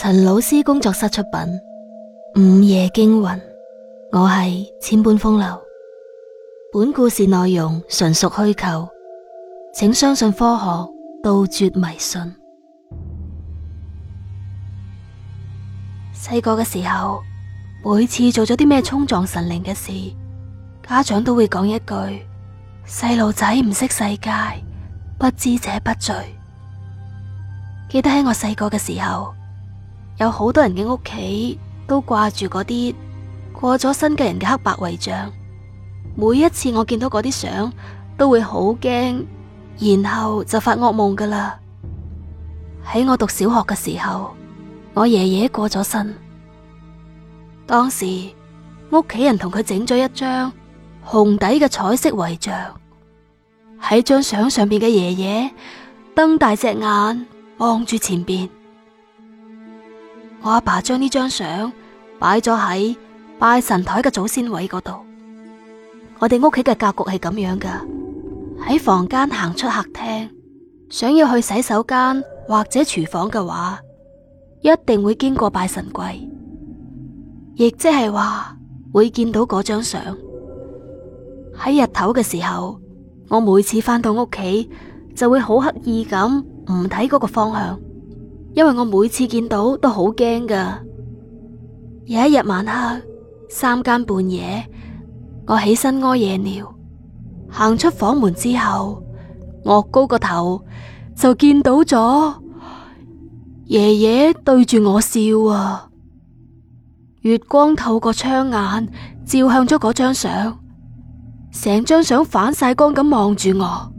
陳老師工作室出品《午夜驚魂》，我係千般風流。本故事內容純屬虛構，請相信科學，杜絕迷信。細個嘅時候，每次做咗啲咩衝撞神靈嘅事，家長都會講一句：細路仔唔識世界，不知者不罪。記得喺我細個嘅時候。有好多人嘅屋企都掛住嗰啲過咗身嘅人嘅黑白遺像，每一次我見到嗰啲相都會好驚，然後就發噩夢㗎喇。喺我讀小學嘅時候，我爺爺過咗身，當時屋企人同佢整咗一張紅底嘅彩色遺像，喺張相上邊嘅爺爺瞪大隻眼望住前邊。我阿爸將呢張相擺咗喺拜神台嘅祖先位嗰度。我哋屋企嘅格局係咁樣噶，喺房間行出客廳，想要去洗手間或者廚房嘅話，一定會經過拜神櫃，亦即係話會見到嗰張相。喺日頭嘅時候，我每次翻到屋企就會好刻意咁唔睇嗰個方向。因為我每次見到都好驚噶，有一日晚黑三更半夜，我起身屙夜尿，行出房門之後，昂高個頭就見到咗爺爺對住我笑啊！月光透過窗眼，照向咗嗰張相，成張相反晒光咁望住我，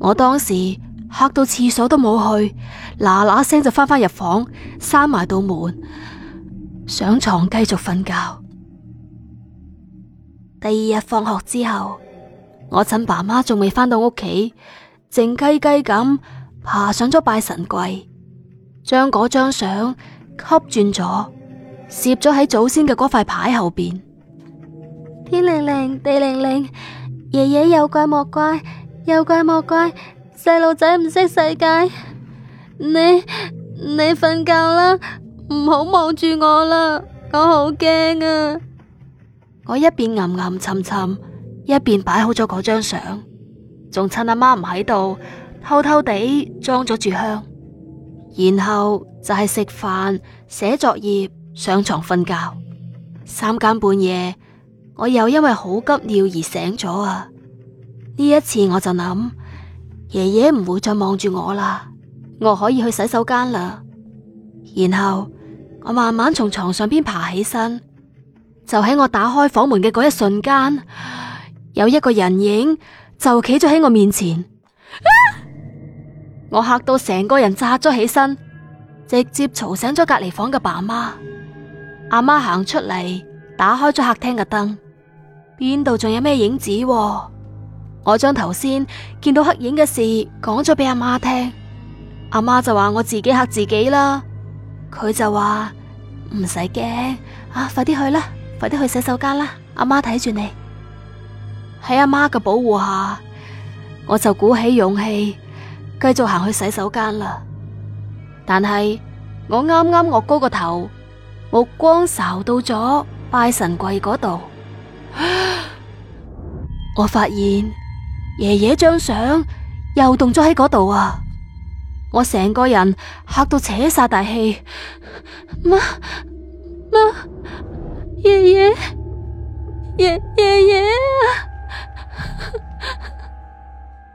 我當時，嚇到廁所都冇去，嗱嗱聲就翻返入房，閂埋道門，上床繼續瞓覺。第二日放學之後，我趁爸媽仲未返到屋企，靜雞雞咁爬上咗拜神櫃，將嗰張相吸轉咗，攝咗喺祖先嘅嗰塊牌後邊。天靈靈，地靈靈，爺爺有怪莫怪，又怪莫怪。細路仔唔識世界，你你瞓覺啦，唔好望住我啦，我好驚啊！我一邊吟吟沉沉，一邊擺好咗嗰張相，仲趁阿媽唔喺度，偷偷地裝咗住香，然後就係食飯、寫作業、上床瞓覺。三更半夜，我又因為好急尿而醒咗啊！呢一次我就諗。爺爺唔會再望住我啦，我可以去洗手間啦。然後我慢慢從床上邊爬起身，就喺我打開房門嘅嗰一瞬間，有一個人影就企咗喺我面前。啊、我吓到成個人扎咗起身，直接嘈醒咗隔籬房嘅爸媽。阿媽行出嚟，打開咗客廳嘅燈。邊度仲有咩影子？我將頭先見到黑影嘅事講咗俾阿媽聽，阿媽就話我自己嚇自己啦。佢就話唔使驚，啊，快啲去啦，快啲去洗手間啦。阿媽睇住你，喺阿媽嘅保護下，我就鼓起勇氣繼續行去洗手間啦。但係我啱啱臥高個頭，目光睄到咗拜神櫃嗰度，啊，我發現。爺爺張相又動咗喺嗰度啊！我成個人吓到扯晒大氣，媽爺爺爺爺爺、啊、媽爺爺爺爺爺。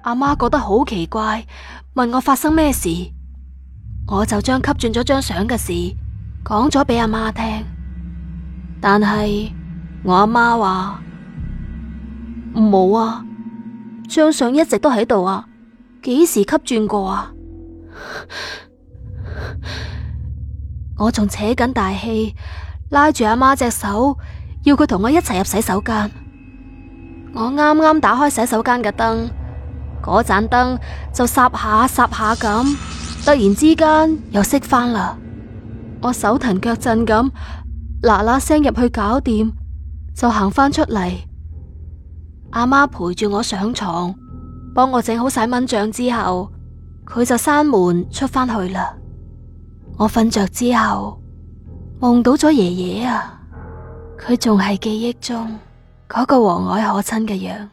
阿媽覺得好奇怪，問我發生咩事，我就將吸轉咗張相嘅事講咗俾阿媽聽，但係我阿媽話冇啊。張相一直都喺度啊，幾時吸轉過啊？ 我仲扯緊大氣，拉住阿媽隻手，要佢同我一齊入洗手間。我啱啱打開洗手間嘅燈，嗰盞燈就霎下霎下咁，突然之間又熄翻啦。我手騰腳震咁，嗱嗱聲入去搞掂，就行翻出嚟。阿媽陪住我上床，幫我整好晒蚊帳之後，佢就閂門出翻去啦。我瞓着之後，夢到咗爺爺啊，佢仲係記憶中嗰、嗰個和藹可親嘅樣。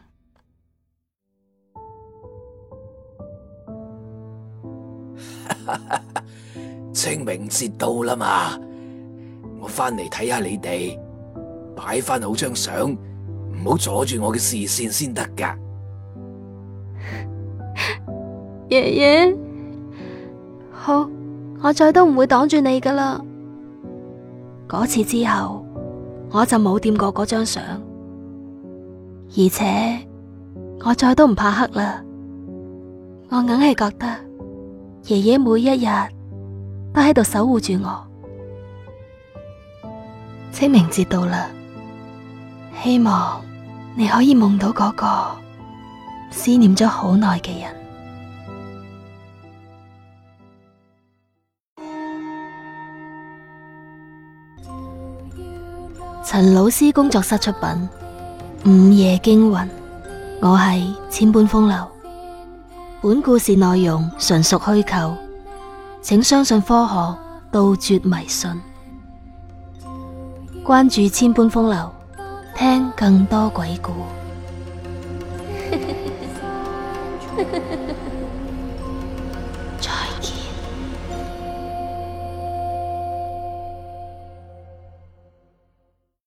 清明節到啦嘛，我翻嚟睇下你哋，擺翻好張相。唔好阻住我嘅視線先得噶，爺爺， 好，我再都唔會擋住你噶啦。嗰次之後，我就冇掂過嗰張相，而且我再都唔怕黑啦。我硬係覺得爺爺每一日都喺度守護住我。清明節到啦，希望。你可以夢到嗰個思念咗好耐嘅人。陳老師工作室出品《午夜驚魂》，我係千般風流。本故事內容純屬虛構，請相信科學，杜絕迷信。關注千般風流，聽更多鬼故。